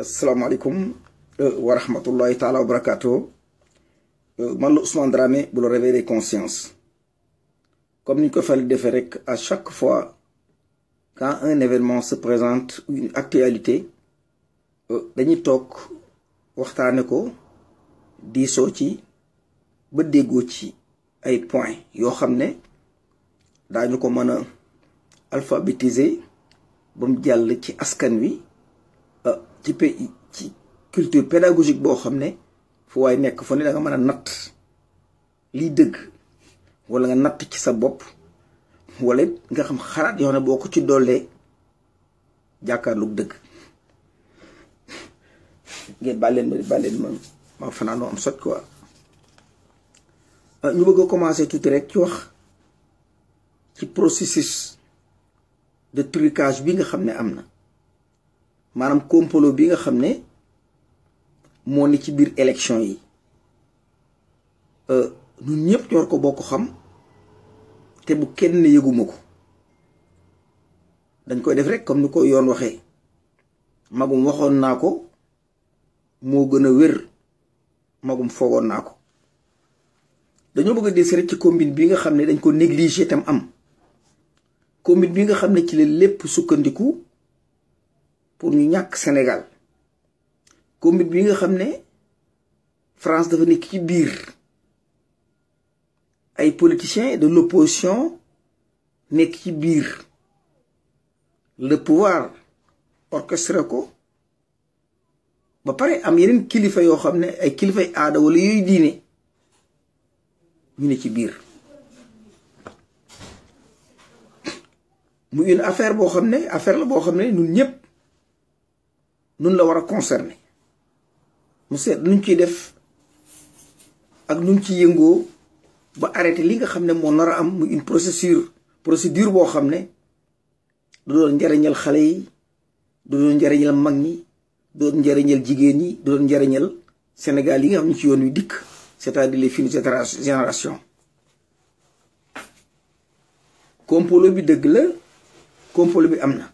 asalaamaaleykum euh, wa rahmatullahi taala wa barakaatu euh, man la Ousmane Dramé bu la réveiller conscience comme ni ñu ko fal defee rek à chaque fois quand un événement se présente une actualité euh, dañuy toog waxtaane ko diisoo ci ba déggoo ci ay point yoo xam ne daañu ko mën a alphabétiser ba jàll ci askan wi ci ci culture pédagogique boo xam ne fu waay nekk fu ne da mën a natt lii dëgg wala nga natt ci sa bopp wala nga xam xalaat yoo xam ne boo ko ci doolee jàkkaarloog dëgg ngeen bàlleen ma bàlleen ma ma fanaanoo am sot quoi ah, ñu bëgg a commencer tuuti rek ci wax ci processus de trucage bi nga xam ne am na maanaam complot bi nga xam ne moo ne ci biir élection yi euh, ñun ñëpp ñor ko bokk xam te bu kenn yëguma ko dañ koy def rek comme ni ko yoon waxee magum waxoon naa ko moo gën a wér magum foogoon naa ko dañoo bëgg a des rek ci combine bi nga xam ne dañ ko négligé tam am combine bi nga xam ne ci la lépp sukkandiku pour ñu ñàkk Sénégal Covid bi nga xam ne France dafa nekk ci biir ay politiciens de l'opposition nekk ci biir le pouvoir orchestré ko ba pare am yeneen kilifa yoo xam ne ay kilifay aada wala yooyu diine ñu ne ci biir mu une affaire boo xam ne affaire la boo xam ne ñun ñëpp nun la war a concerné mu seet nuñ ciy def ak nuñ ci yëngoo ba arrêté li nga xam ne moo nar a am une procédure procédure boo xam ne du doon njariñal xale yi du doon njariñal mag ñi du doon njariñal jigéen ñi du doon njariñal Sénégal yi nga xam ne ci yoon wi dikk c'est-à-dire les futures générations complot bi dëgg la complot bi am na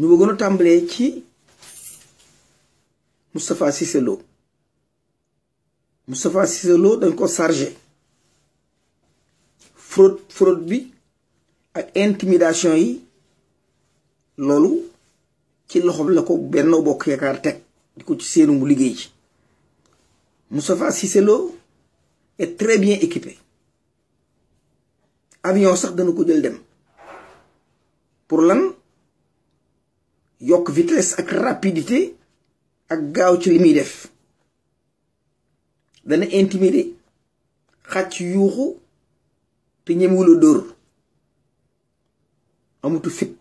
ñu gën a tàmbalee ci Moustapha Cissé Lo Moustapha Cissé Lo dañ ko chargé fraude fraude bi ak intimidation yi loolu ci loxoom la ko benn Bokk Yaakaar teg di ko ci seenu mu liggéey ci Moustapha Cissé Lo est très bien équipé avion sax dana ko jël dem pour lan yokk vitesse ak rapidité ak gaaw ci li def dana intimider xàcc yuuxu te ñemewul a dóor amutu fit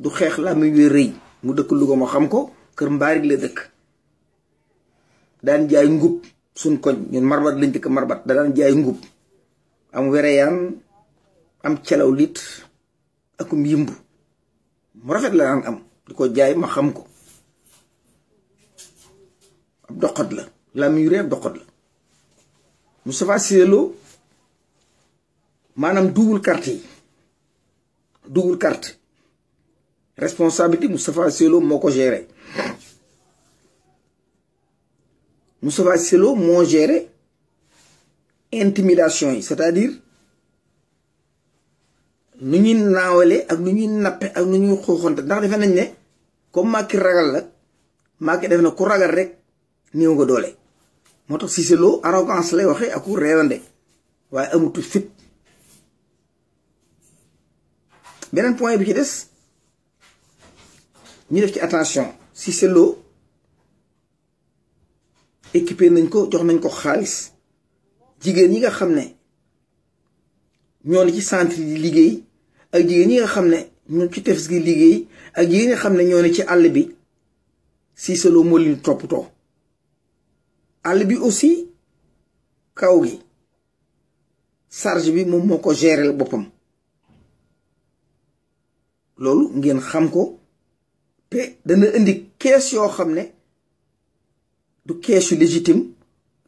du xeex laa muy wéy rëy mu dëkk Louga moo xam ko kër mbaari la dëkk daan jaay ngub sun koñ ñun marbat lañ dëkk marbat daan jaay ngub am wereyaan am celaw lit akum yimb mu rafet la daan am di ko jaay ma xam ko ab doxat la la yu rëy ab doxat la Moustapha Cissé Lo maanaam double carte yi double carte responsabilité mu Cissé Lo moo ko géré Moustapha Cissé Lo moo géré intimidation yi c'est-à-dire nu ñuy naawale ak nu ñuy nappe ak nu ñuy xooxante ndax defe nañ ne comme Macky ragal la Macky def na ku ragal rek néew nga doole moo tax Cissé Lo arrogance lay waxee ak ku réewande waaye amutu fit beneen point bi ci des ñu def ci attention Cissé Lo équipé nañ ko jox nañ ko xaalis jigéen ñi nga xam ne ñoo ne ci centre yi liggéey ak jigéen ñi nga xam ne ñun ci tefes gi liggéey ak yi xam ne ñoo ne ci àll bi Cissé Lo moo leen toppatoo àll bi aussi kaw gi charge bi moom moo ko géreel boppam loolu ngeen xam ko te dana indi kees yoo xam ne du kees yu légitime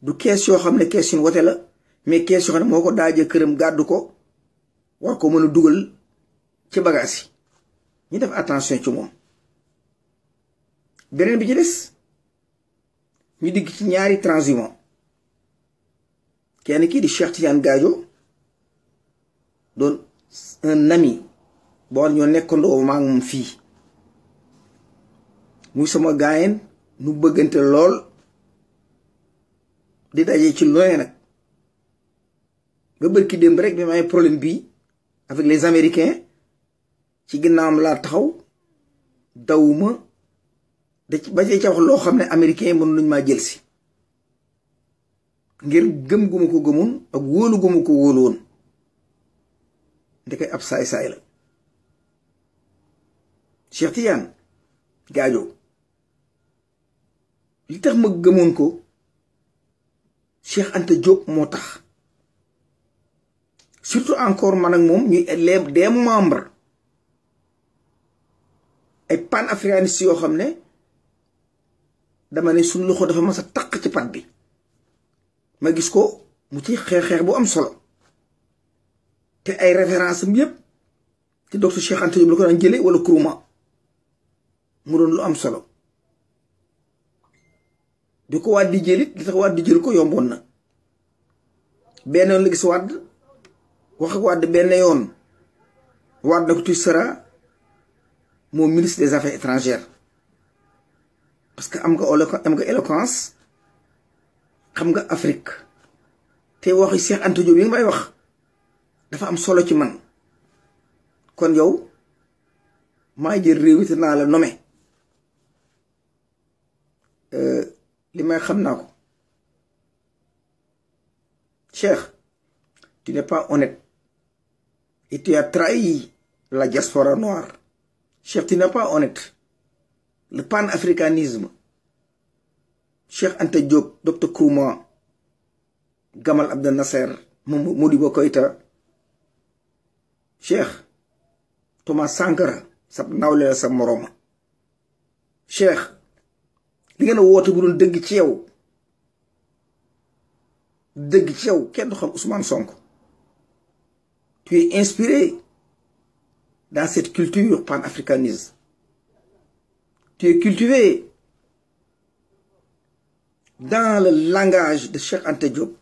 du kees yoo xam ne kees yu wote la mais kees yoo xam ne moo ko daajee këram gàddu ko war ko mën a dugal ci bagaas yi ñu def attention ci moom beneen bi ci des ñu digg ci ñaari transhumant kenn kii di Cheikh Tidiane Gadio doon un ami boo ñoo nekkandoo maa moom fii muy sama gaayen nu bëggante lool di daje ci lone nag ba bërki démb rek bi may problème bii avec les Américains ci ginnaawam laa taxaw dawuma da ba ci ca wax loo xam ne américain yi mën maa jël si ngir gëm gu ma ko gëmoon ak wóolu gu ko wóolu woon ndekay ab saay-saay la Cheikh Tidiane Gadio li tax ma gëmoon ko Cheikh Anta Diop moo tax surtout encore man ak moom ñuy les ay pan africaniste yoo xam ne dama ne suñu loxo dafa mas a ci pat bi ma gis ko mu ci xeex xeex bu am solo te ay référence am yépp ci docteur Cheikh Anta Diop la ko daan jële wala Nkrumah mu doon lu am solo di ko waat di jëlit li tax waat di jël ko yomboon na benn yoon la gis waat wax ak benn yoon waat na ko tuy sara moom ministre des affaires étrangères parce que am nga am nga éloquence xam nga Afrique te waxi Cheikh Anta Diop nga may wax dafa am solo ci man kon yow maa jël réew mi te naa la nommé euh, li may xam naa ko Cheikh tu n'es pas honnête et tu as trahi la diaspora noir Cheikh n'est pas honnête. Le panafricanisme, Cheikh Anta Diop, Dr Kouma, Gamal Abdel Nasser, Modibo Koita, Cheikh Thomas Sankara, sa nawle la sa morom Cheikh li ngeen woote bu doon dëgg ci yow dëgg ci yow kenn du xam Ousmane tu es inspiré dans cette culture panafricaniste. Tu es cultivé dans le langage de Cheikh Anta Diop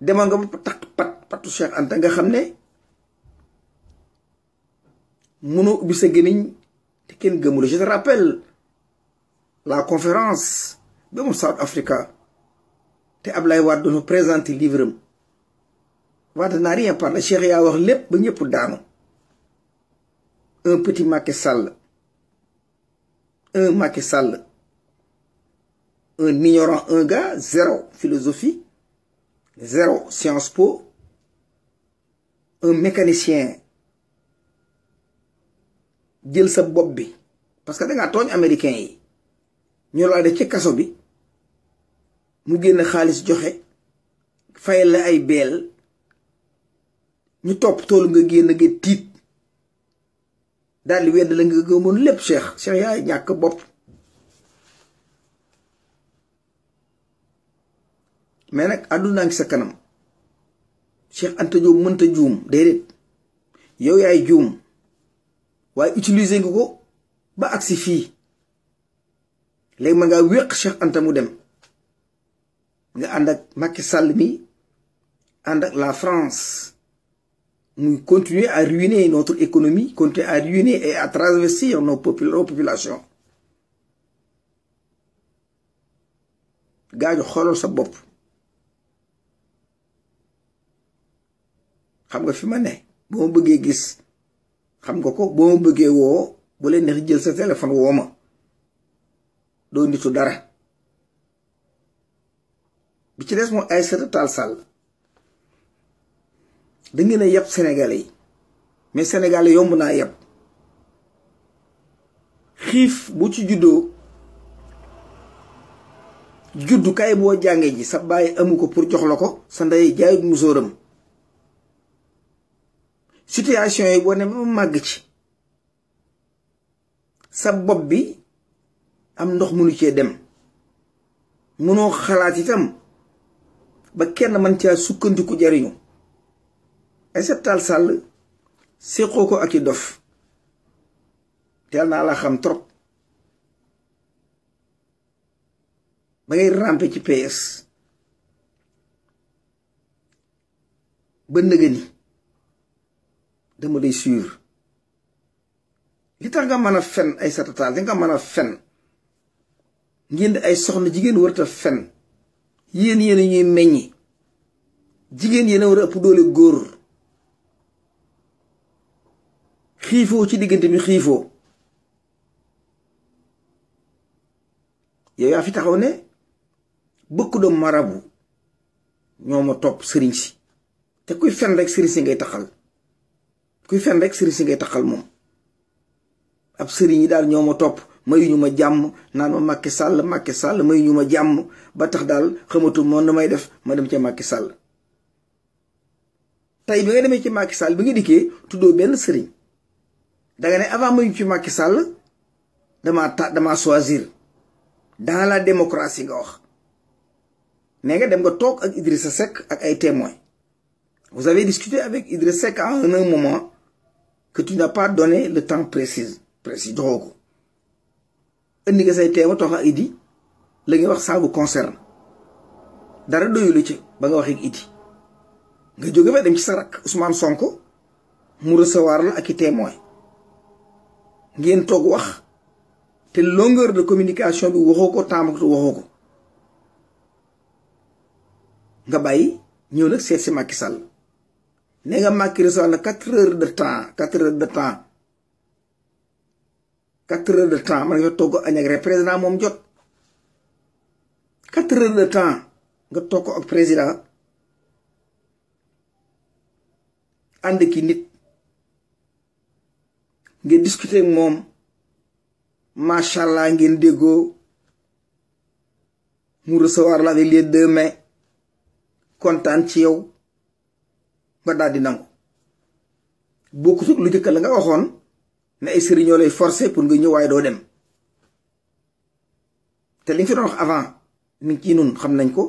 demoon nga ba takk pat patu Cheikh Anta nga xam ne mënoo ubbi sa te kenn gëmul je te rappelle la conférence ba mu South Africa te Ablaye Wade doon présenté livre am wante naa rien parlé Cheikh yaa wax lépp ba ñëpp daanu un petit Macky Sall un Macky Sall un ignorant un gars zéro philosophie zéro Sciences Po un mécanicien jël sa bopp bi parce que dangaa tooñ américain yi ñoo laa def ci kaso bi mu génn xaalis joxe fay la ay beel ñu topp toolu nga génn nga tiit daal di wedd la nga gëmoon lépp cheikh cheikh yaay ñàkk bopp mais nag àdduna ngi sa kanam Cheikh Anta mënta juum déedéet yow yaay juum waaye utiliser nga ko ba agsi fii léegi ma nga wéq Cheikh Anta mu dem nga ànd ak Macky Sall mi ànd ak la France muy continuer a ruiner notre économie, continuer a ruiner et à traverser nos, popul nos populations. gaañu xoolal sa bopp xam nga fi ma ne boo ma bëggee gis xam nga ko boo ma bëggee woo bu leen neex jël sa téléphone woo ma doo nitu dara bi ci des moom ay sa taal sàll da na a yeb yi mais senegal yomb naa yeb xiif bu ci juddoo juddukaay boo jàngee ji sa bàyyi amu ko pour jox la ko sa ndey jaayut musóoram situation yi boo ne ma màgg ci sa bopp bi am ndox mënu cee dem mënoo xalaat itam ba kenn mën caa sukkandiku jariñu Aïssata Tall Sall séqoo ko ak i dof teel naa la xam trop ba ngay rampe ci PS ba nëgë dama lay suivre li tax nga mën a fen Aïssata Tall li nga mën a fen ngeen di ay soxna jigéen war warta fen yéen yéen ñuy meññi jigéen yéen a war a ëpp góor xiifoo ci diggante bi xiifoo yow yaa fi taxaw ne bëkk doom marabu ñoo ma topp sëriñ si te kuy fen rek sëriñ si ngay taxal kuy fen rek sëriñ si ngay taxal moom ab sëriñ yi daal ñoo ma topp mayuñu ma jàmm naan ma Macky Sall Macky Sall mayuñu ma jàmm ba tax daal xamatu moom na may def ma dem ca Macky sàll tey bi nga demee ci Macky sàll bi nga dikkee tuddoo benn sëriñ danga ne avant ma ci Macky Sall damaa ta damaa choisir dans la démocratie nga wax nee nga dem nga toog ak Idrissa Seck ak ay témoins vous avez discuté avec Idrissa Seck à un moment que donné le temps précis précis joxoo ko indi nga say toog ak Idi la nga wax ça vous concerne dara doyulu ci ba nga wax ak Idi nga jóge fa dem ci sa rakk Ousmane Sonko mu recevoir la ak i témoins ngeen toog wax te longueur de communication bi waxoo ko tàmbali waxoo ko nga bàyyi ñëw nag seet si Macky Sall ne nga Macky recevoir na quatre heures de temps quatre heures de temps quatre heures de temps man nga togg añ ak président moom jot quatre heures de temps nga toog ak président ànd ki nit ngeen discuter moom macha allah ngeen déggoo mu recevoir la avec les deux mains kontaan ci yow nga daal di nangu bokkut lu njëkk la nga waxoon ne ay sëriñ ñoo lay forcer pour nga ñëw waaye doo dem te li nga fi doon wax avant mi ngi ciy nun xam nañ ko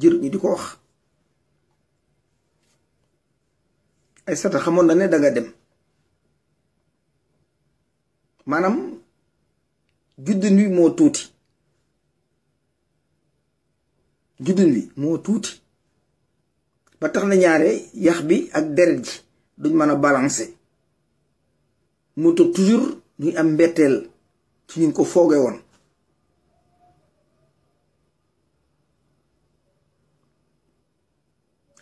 jërut ñu di ko wax ay sata xamoon na ne danga dem maanaam juddin wi moo tuuti juddin wi moo tuuti ba tax na ñaare yax bi ak deret ji duñ mën a balancer mu toog toujours ñuy am mbetteel ci ñu ko fooge woon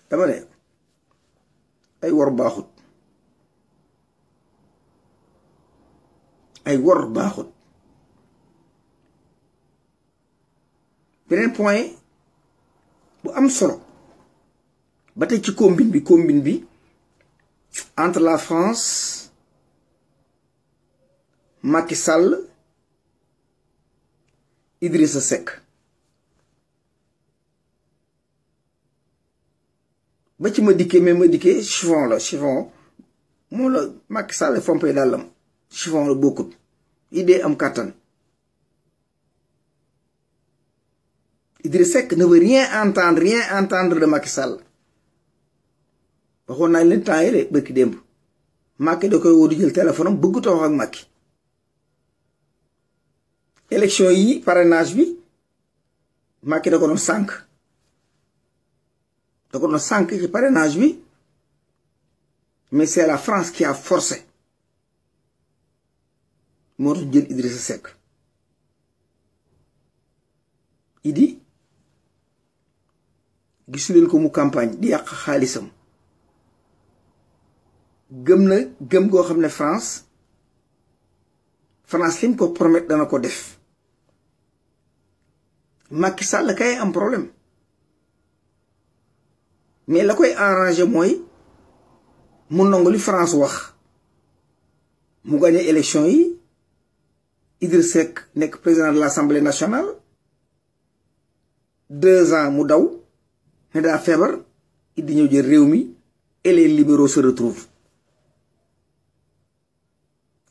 dama ne ay war baaxut ay wor baaxut beneen point bu am solo ba tey ci combine bi combine bi entre la France Macky Sall Idrissa Seck ba ci ma dikkee mais ma dikkee chiffon la chiffon moo la Macky Sall fompee dàllam chiffon la bokkut idée am kàttan Idriss Seck ne veut rien entendre rien entendre de Macky Sall waxoon naa leen temps yële bëkki démb Macky da koy woo di jël téléphone am bëgg toog ak Macky élection yi parrainage bi Macky da ko doon sànq da ko doon sànq ci parrainage bi mais c'est la France qui a forcé moo tax jël Idrissa Seck Idi gisu leen ko mu campagne di yàq xaalisam gëm na gëm goo xam ne France France lim ko promet dana ko def Macky Sall kay am problème mais la koy arrangé mooy mu nangu li France wax mu gane élection yi Idriss Seck nekk président de l'Assemblée nationale deux ans mu daw ne daa feebar Idi ñëw jël réew mi et les libéraux se retrouvent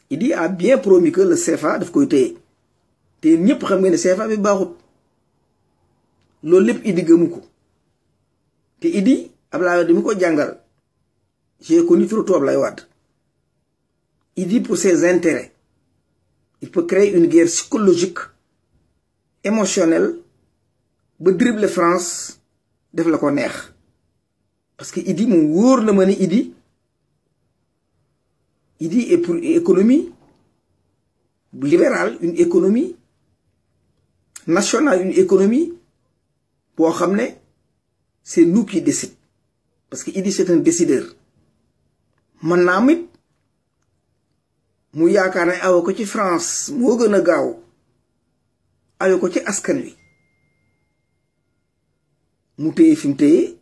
Idi a bien promis que le CFA daf koy téye te ñëpp xam ngeen ne CFA bi baaxut loolu lépp Idi gëmu ko te Idi Abdoulaye di mu ko jàngal j'ai connu trop Abdoulaye Wade Idi pour ses intérêts il peut créer une guerre psychologique émotionnelle ba dribble France def la ko neex parce que Idi mu wóor la ma ni Idi Idi est pour économie libérale une économie nationale une économie boo xam ne c'est nous qui décide parce que Idi c'est un décideur man naa mit mu yaakaar ne awe ko ci France moo gën a gaaw awe ko ci askan wi mu téye fi mu téye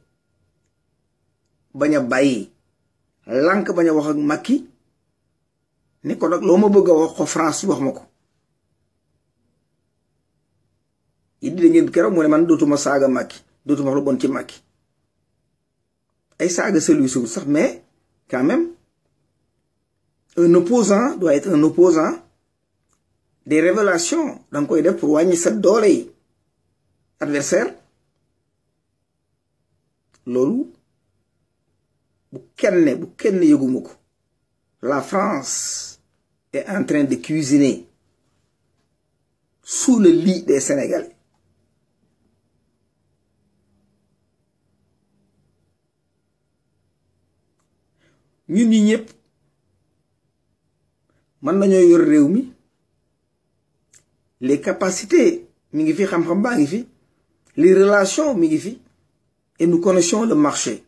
bañ a bàyyi lànk bañ a wax ak Macky ni ko nag loo ma bëgg a wax ko France wax ma ko yi di ngeen keroog mu ne man dootuma saaga Macky dootuma wax lu bon ci Macky ay saaga selu suuf sax mais quand un opposant doit être un opposant des révélations da koy def pour wàññi sa doole yi adversaire loolu bu kenn bu kenn yëguma ko la France est en train de cuisiner sous le lii des Sénégalais ñun ñi ñëpp mën nañoo yor réew mi les capacité mi ngi fi xam-xam baa ngi fi les relation mi ngi fi et nous connaissons le marché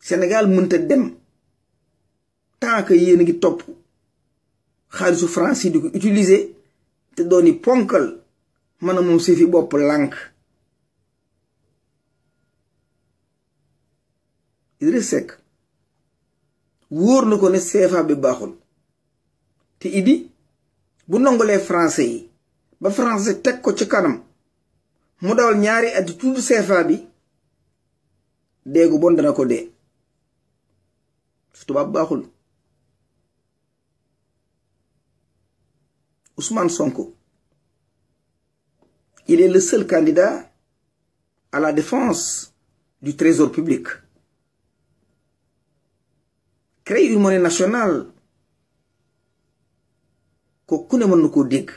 Sénégal mënta dem tant que yéen a ngi topp xaalisu France yi di ko utiliser te dooni ponkal mën a moom si fi bopp lànk Idriss Seck wóor na ko ne CFA bi baaxul te Idi bu nangulee français yi ba français teg ko ci kanam mu dawal ñaari at tudd CFA bi déegu bon na ko dee su tubaab baaxul usman Sonko il est le seul à la défense du trésor public créer une monnaie nationale ko ku ne mën na koo dégg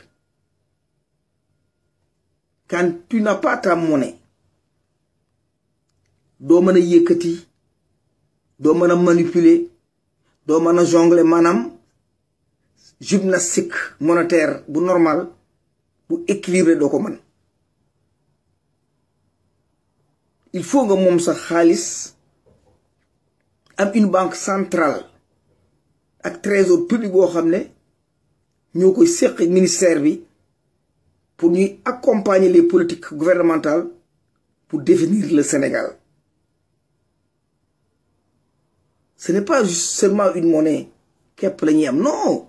quand tu n'as pas ta monnaie doo mën a yëkkati doo mën a manipuler doo mën a jongler maanaam gymnastique monétaire bu normal bu équilibré doo ko mën il faut nga moom sax xaalis am une banque centrale ak trésor public boo xam ne ñoo koy seq ministère bi pour ñuy accompagner les politiques gouvernementales pour définir le Sénégal ce n'est pas juste seulement une monnaie képp la ñuy am non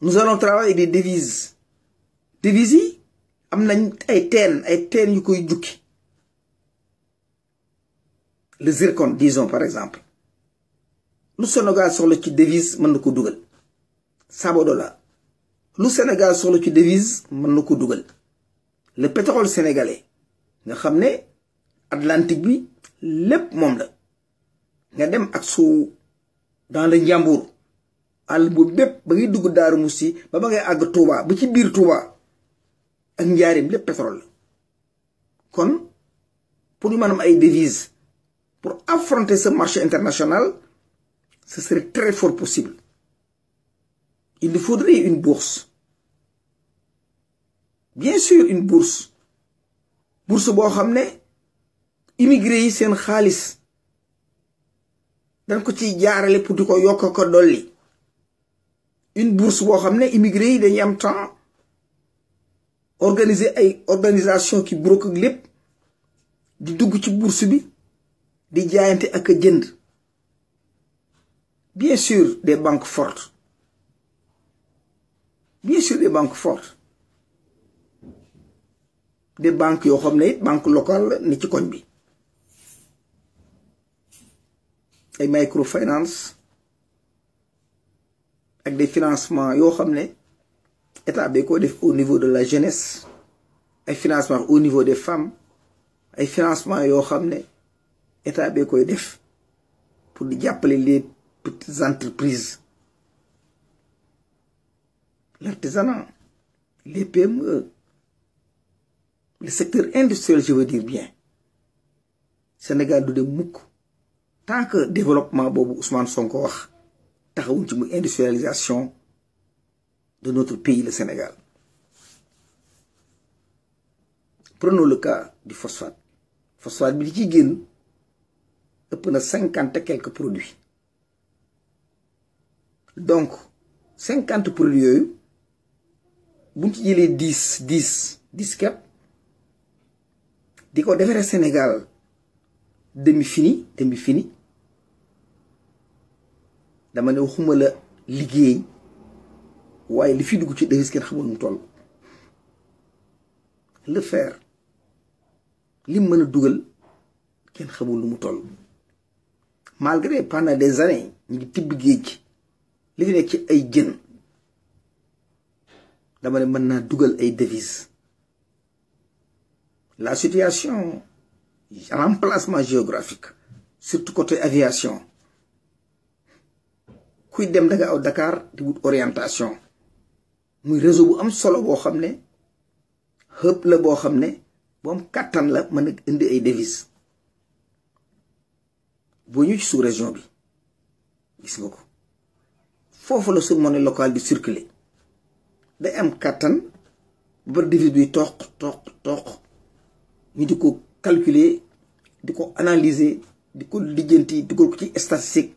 nous allons travailler des devises devises yi am nañ ay teen ay teen yu koy jukki le zircon disons par exemple lu Sénégal soxla ci devise mën na ko dugal Sabodala lu Sénégal soxla ci devise mën na ko dugal le pétrole sénégalais nga xam ne Atlantique bi lépp moom la nga dem ak su dans le Njàmbur àll bu bépp ba ngay dugg Daaru Musi ba ba ngay àgg Touba ba ci biir Touba ak njaarim lépp pétrole la kon pour ñu maanaam ay devise pour affronter ce marché international, ce serait très fort possible. Il nous faudrait une bourse. Bien sûr, une bourse. Bourse, boo xam ne immigré yi seen xaalis dañ ko ciy jaarale pour di ko yokk ko dolli. une bourse boo xam ne immigré yi dañuy am temps organiser ay organisation ki broc ak lépp di dugg ci bourse bi. di jaayante ak a jënd bien sûr des banques fortes bien sur des banque forte des banques yoo xam ne banque locale ni ci koñ bi ay microfinance ak de financements yoo xam ne état bi ko def au niveau de la jeunesse ay financement au niveau des femmes ay financement yoo xam ne état bee koy def pour di jàppale les petites entreprise l'artisanat les PME le secteur industriel je veux dire bien Sénégal du dem mukk tant que développement boobu Ousmane Sonko wax taxawuñ ci mu industrialisation de notre pays le Sénégal prenons le cas du phosphate phosphate bi di ciy génn ëpp na cinquante et quelques produits donc cinquante produits yooyu buñ ci jëlee dix dix dix kepp di ko defaree Sénégal demi fini demi fini dama ne waxuma la liggéey waaye li fi dugg ci devise kenn xamul mu toll le fer lim mën a dugal kenn xamul lu mu toll malgré pendant des années ñu ngi tibb géej gi li fi nekk ci ay jën dama ne mën naa dugal ay devises la situation l'emplacement géographique surtout côté aviation kuy dem da aw dakaar di orientation muy réseau bu am solo boo xam ne hub la boo xam ne bu am kàttan la mën a indi ay devises boo ñu ci sous région bi gis nga ko foofu la suñu monnaie locale di circuler day am kàttan ba devise bi toq toq toq ñu di ko calculer di ko analyser di ko lijjanti di ko ci statistique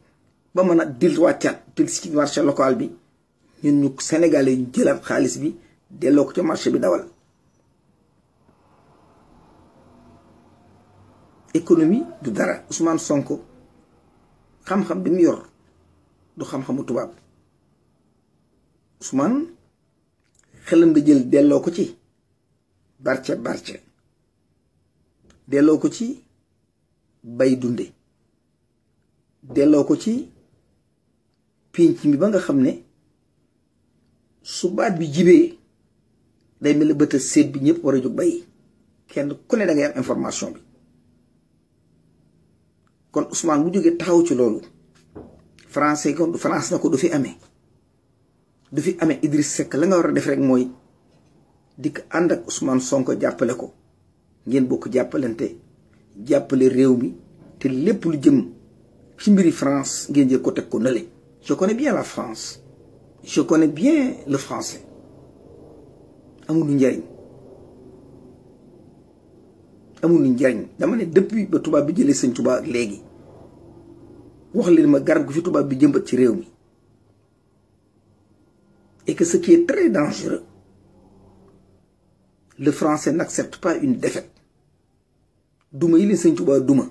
ba mën a dil delluwaat del ci marché local bi ñun ñu Sénégalais ñu jëlaat xaalis bi delloo ko ci marché bi dawal. économie du dara Ousmane Sonko. xam-xam bi mu yor du xam-xamu tubaab Ousmane xelam nga jël delloo ko ci barce barce delloo ko ci bay dunde delloo ko ci pinc mi ba nga xam ne su baat bi jibee day mel ni bët set bi ñëpp war a jóg bay kenn ku ne da ngay am information bi kon Ousmane bu jógee taxaw ci loolu français ko France na ko du fi amee du fi amee idris Seck la nga war a def rek mooy dikk ànd ak Ousmane Sonko jàppale ko ngeen bokk jàppalante jàppale réew mi te lépp lu jëm si mbiri France ngeen jël ko teg ko nële. je connais bien la France je connais bien le français amul njariñ. amul njariñ dama ne depuis ba tubaab bi jëlee sëñ tubaab léegi wax leen ma garab gi fi tubaab bi jëmbat ci réew mi et que ce qui est très dangereux le français nag cept pas une défaite duma yi leen sëñ tubaab duma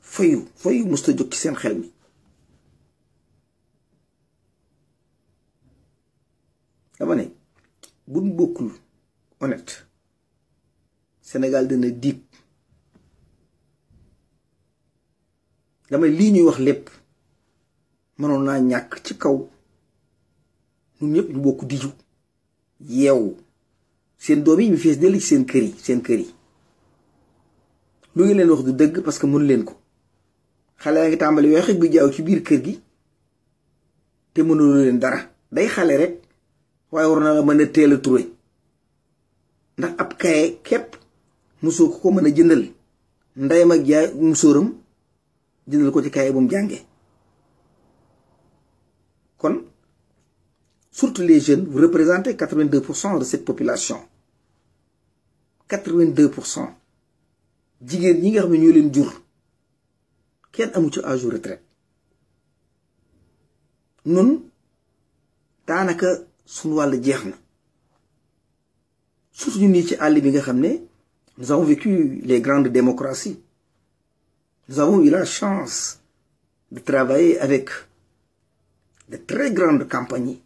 fayu fayu musta jóg ci seen xel mi dama ne buñ bokkul honnête Sénégal dina diig dama lii ñuy wax lépp mënoon naa ñàkk ci kaw ñun ñëpp ñu bokk diju yeewu seen doom yi ñu fees dellu ci seen kër yi seen kër yi lu ngi leen wax du dëgg parce que mënu leen ko xale yaa ngi tàmbali weex bi jaaw ci biir kër gi te mënuloo leen dara day xale rek waaye war naa la mën a teel a ture ndax ab kaye képp musoo ku ko mën a jëndal ndeyam ak jaay musóoram jëndal ko ci kaay bu mu kon surtout les jeunes bu représentez quatre vingt deux pour cent de cette population quatre vingt deux pour cent jigéen ñi nga xam ne ñoo leen jur kenn amu ci âge retraite nun daanaka suñu wàll jeex na surtout ñu nii ci àll bi nga xam ne Nous avons vécu les grandes démocraties. Nous avons eu la chance de travailler avec de très grandes compagnies,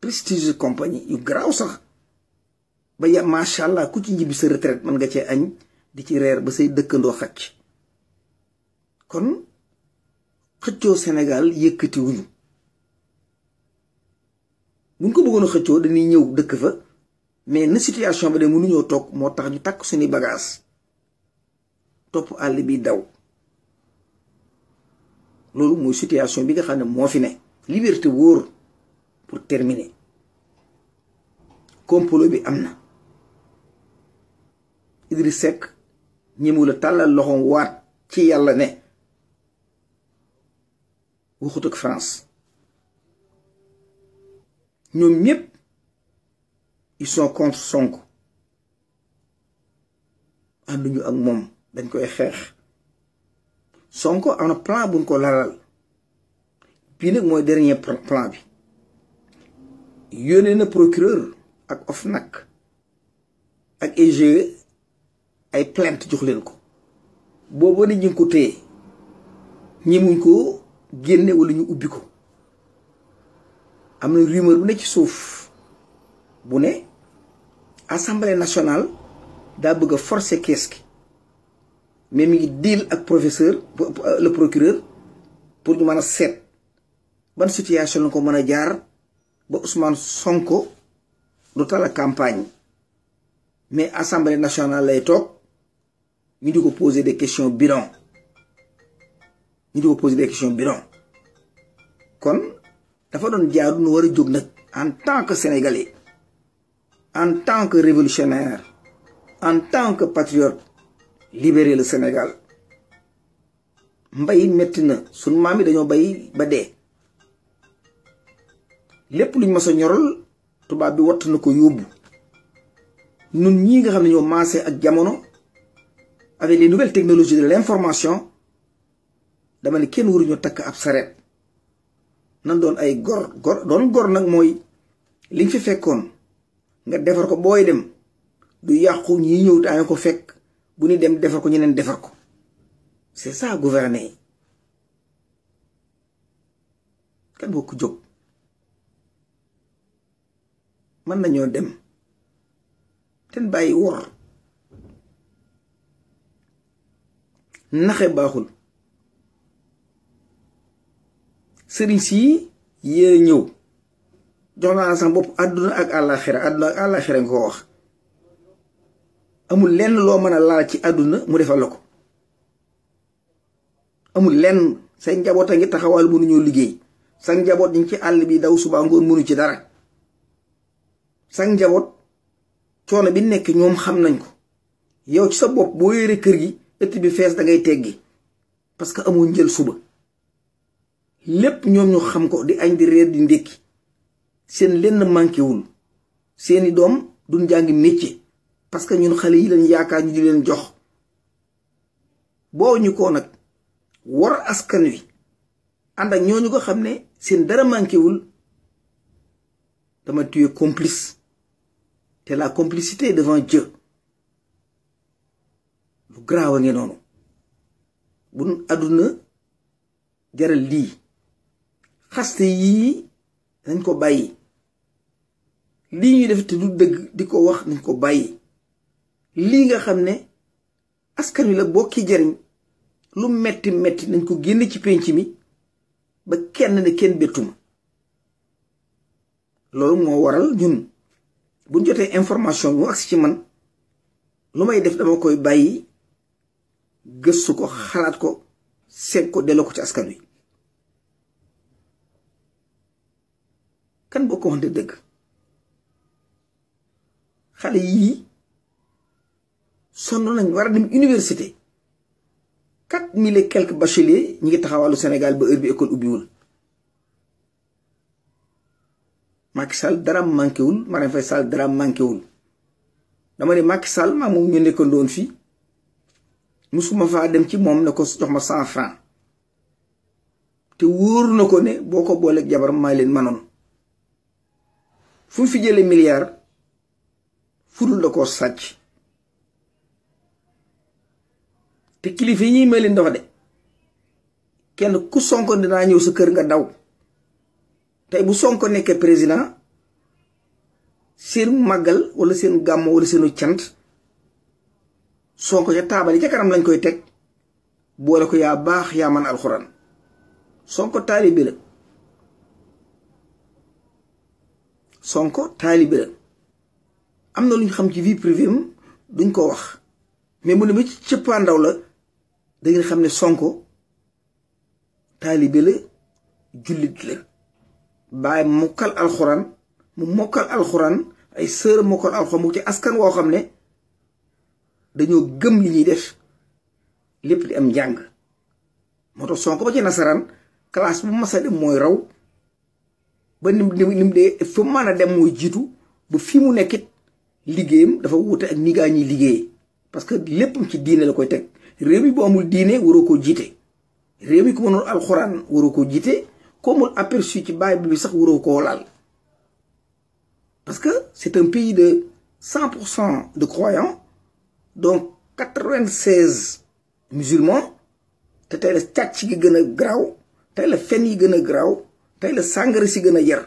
prestigieuses compagnies yu garaaw sax ba ya macha allah ku ci ñibbi sa retraite mën nga cee añ di ci reer ba say dëkkandoo xacc kon xëccoo Sénégal yëkkatiwuñu buñ ko bëggoon a xëccoo dañuy ñëw dëkk fa. mais na situation bi de mënuñoo toog moo tax ñu takk suñu bagaas topp àll bi daw loolu mooy situation bi nga xam ne moo fi ne liberté wóor pour terminer complot bi am na Idriss Seck ñemewul a tàllal loxoom waat ci yàlla ne waxut ak France ñoom ñépp ils sont contre Sonko ànduñu moom dañ koy xeex Sonko am na plan buñ ko lalal bii nag mooy dernier plan bi yónnee na procureur ak OFNAC ak EGE ay plainte joxleen ko boobu ne ñu ko téye ñi muñ ko génne wala ñu ubbi ko am na rumeur bu ne ci suuf bu ne assemblée nationale daa bëgg a forcer kees gi mais mi ngi deal ak professeur euh, le procureur pour ñu mën a seet ban situation la ko mën a jaar ba Ousmane Sonko du a campagne mais assemblée nationale lay toog ñu di ko poser des questions bidons ñu di ko poser des questions bidons kon dafa doon jaaru nu war a jóg nag en tant que sénégalais. en tant que révolutionnaire, en tant que patriote, libérer le Sénégal. mbay métti na suñ maam yi dañoo bay ba dee lépp luñ mës a ñoral tubaab bi watt na ko yóbbu nun ñii nga xam ne ñoo maase ak jamono avec les nouvelles technologie de l'information dama ne kenn waruñoo takk ab sareet nan doon ay gor gor doon gor nag mooy liñ fi fekkoon nga defar ko booy dem du yàqu ñi ñëw daañu ko fekk bu ñu dem defar ko ñeneen defar ko c'est ça gouverner kan boo jóg mën nañoo dem ten bàyyi wor naxe baaxul sëriñ si yéen ñëw jox naa sax bopp àdduna ak àllaaxira àdduna ak àllaaxira nga ko wax amul lenn loo mën a laal ci àdduna mu defal la ko amul lenn say njaboot a ngi taxawal mënuñoo liggéey sa njaboot ñu ci àll bi daw suba ngoon mënu ci dara sa njaboot coono bi nekk ñoom xam nañ ko yow ci sa bopp boo yore kër gi ëtt bi fees da ngay teggi parce que amoo njël suba lépp ñoom ñu xam ko di añ di reer di ndékki seen lenn manqué wul seeni doom duñ jàngi métier parce que ñun xale yi lañ yaakaar ñu di leen jox boo ñu ko nag war askan wi ànd ak ñooñu ko xam ne seen dara manqué wul dama tuye complice te la complicité devant jë lu garaaw a ngi noonu buñ àdduna jaral lii xaste yii nañ ko bàyyi lii ñuy def te du dëgg di ko wax nañ ko bàyyi lii nga xam ne askan wi la bokki jariñ lu metti metti nañ ko génne ci pénc mi ba kenn ne kenn bettuma loolu moo waral ñun buñ jotee information bi mu agsi ci man lu may def dama koy bàyyi gëstu ko xalaat ko seet ko delloo ko ci askan wi kan boo ko waxante dëgg xale yii sonn lañ war a dem université quatre mille et quelques bacheliers ñi ngi taxawalu Sénégal ba heure bi école ubbiwul Macky Sall dara manqué wul Marème Faye Sall dara manqué wul dama ne Macky Sall maa moom ñu nekkoon doon fii musuma faa dem ci moom ne ko jox ma cent franc te wóor na ko ne boo ko booleek jabar maa leen manoon fu mu fi jëlee milliard fudul da koo sàcc te kilifa yi ñuy mel ni ndox de kenn ku Sonko dinaa ñëw sa kër nga daw tey bu Sonko nekkee président seen màggal wala seen gàmmo wala seenu cant Sonko ca taabal yi ca kanam lañ koy teg boole ko yaa baax yaa man alxuraan Sonko taalibe la Sonko taalibe la am na lu ñu xam ci vie privée am duñ ko wax mais mu ne ma ci ndaw la da ngeen xam ne Sonko taalibe la jullit la bàyyi mokkal alxuraan mu mokkal alxuraan ay sër mokkal alxuraan mu ci askan woo xam ne dañoo gëm li ñuy def lépp di am njàng moo tax Sonko ba ci nasaraan classe bu mas dem mooy raw ba nim nim dee fu mu a dem mooy jiitu bu fii mu nekkit liggéeyam dafa wute ak ni gaa ñuy liggéeyee parce que lépp ci diine la koy teg réew yi bu amul diine waroo koo jiite. réew mi ko mënul alxuraan waroo koo jiite ko amul aperçu ci bible bi sax waroo koo laal parce que c'est un pays de cent pour cent de croyants donc quatre-vingt-seize musulmans te tey la càcc gi gën a garaaw tey la fenn yi gën a garaaw. tey la sàngara si gën a jar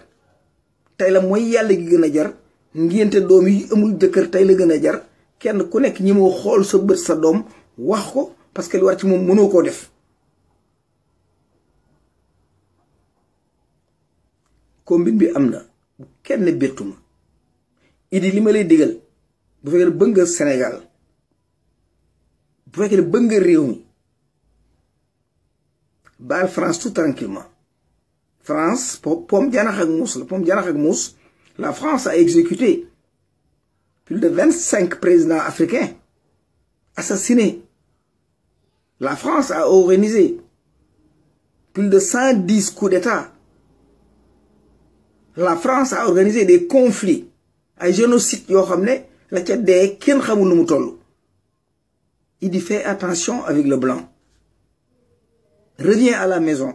tey la mooy yàlla gi gën a jar ngénte doom yi amul jëkkër tey la gën a jar kenn ku nekk ñi moo xool sa bët sa doom wax ko parce que li war ci moom mënoo koo def combine bi am na bu kenn bettu ma idi li ma lay digal bu fekkee ne bëgg Sénégal bu fekkee ne réew mi baal France tout tranquillement France pomme janax ak muus la pomme janax ak la France a exécuté plus de vingt cinq présidents africains assassinés la France a organisé plus de cent dix coups d'État la France a organisé des conflits ay génocide yoo xam ne la ca dee kenn xamul nu mu toll il dit attention avec le blanc reviens à la maison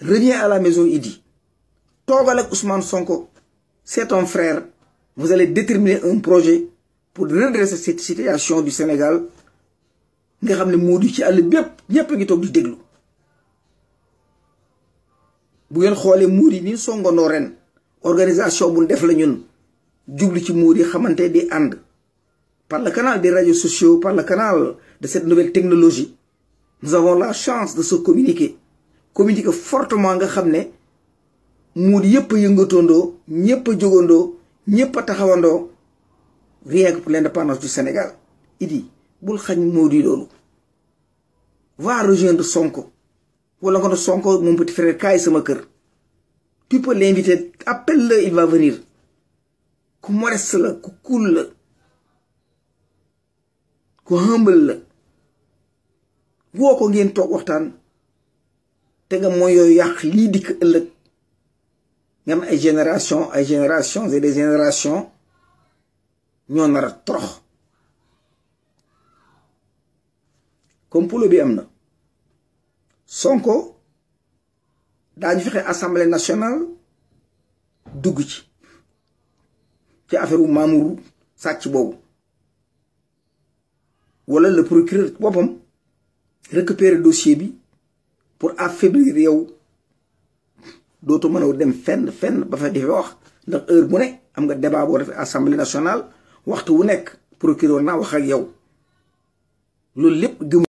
reviens à la maison il dit toogal ak Ousmane Sonko c'est ton frère vous allez déterminer un projet pour redresser cette situation du Sénégal nga xam ne moo di ci àll bépp ñépp a ngi toog di déglu bu ngeen xoolee muur yi nii songandoo ren organisation bu def la ñun jublu ci muur yi xamante di ànd par le canal des radios sociaux par le canal de cette nouvelle technologie nous avons la chance de se communiquer communiqué fortement nga xam ne muud yëpp a yëngatoondoo ñëpp a jógandoo ñëpp a taxawandoo rien que pour l'indépendance du Sénégal idi bul xañ Modou yi loolu va rejoindre Sonko walla nga ne Sonko mon petit frère kaay sama kër tu peux l'inviter appelle-le il va venir ku modeste la ku cool la ku humble la woo ko ngeen toog waxtaan te nga mooy yooyu yàq lii dikk ëllëg nga am ay génération ay génération et des générations ñoo nar a torox complot bi am na Sonko daañu fexe assemblée nationale dugg ci ci affaire wu Mamour sàcc boobu wala le procureur boppam récupérer dossier bi pour affaiblir yow dootu mën a dem fenn fenn ba fa di wax ndax heure bu ne am nga débat boo defee assemblée nationale waxtu wu nekk procureur naa wax ak yow loolu lépp gëm